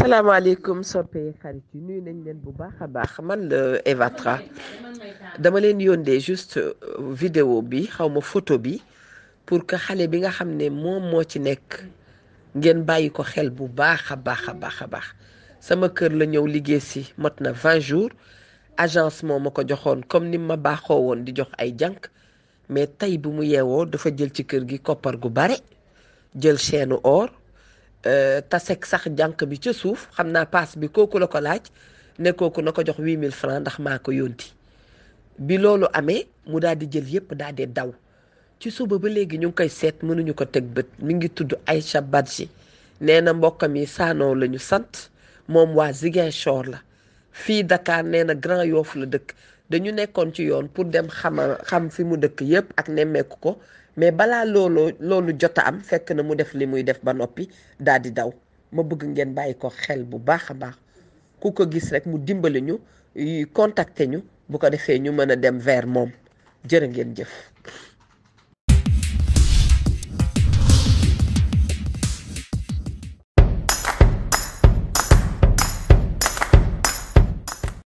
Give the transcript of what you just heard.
asalaamaaleykum soppe xarit yi nuy nañ leen bu baax a baax man la Eva dama leen yónnee juste euh, vidéo bi xaw ma photo bi pour que xale bi nga xam ne moom moo ci nekk ngeen bàyyi ko xel bu baax a baax a baax a baax sama kër la ñëw liggéey si mot na vingt jours agence moo ma ko joxoon comme ni ma baaxoo woon di jox ay jànk mais tey bu mu yeewoo dafa jël ci kër gi koppar gu bare jël chaîne or Euh, tasek sax jànq bi ca suuf xam naa paas bi kooku la ko laaj ne kooku na ko jox 8000 francs ndax maa ko yónti bi loolu amee mu daal di jël yépp daal di daw ci suba ba léegi ñu ngi koy seet mënuñu ko teg bët mi ngi tudd ay Aïcha Badji nee na mbokkam yi saanoo la ñu sant moom waa Ziguinchor la fii Dakar nee na Grand Yoff la dëkk dañu nekkoon ci yoon pour dem xama xam fi mu dëkk yépp ak nemmeeku ko mais balaa loolu loolu jot a am fekk na mu def li muy def ba noppi daal di daw ma bëgg ngeen bàyyi ko xel bu baax a baax ku ko gis rek mu dimbali ñu contacter ñu bu ko defee ñu mën a dem vers moom jërë ngeen jëf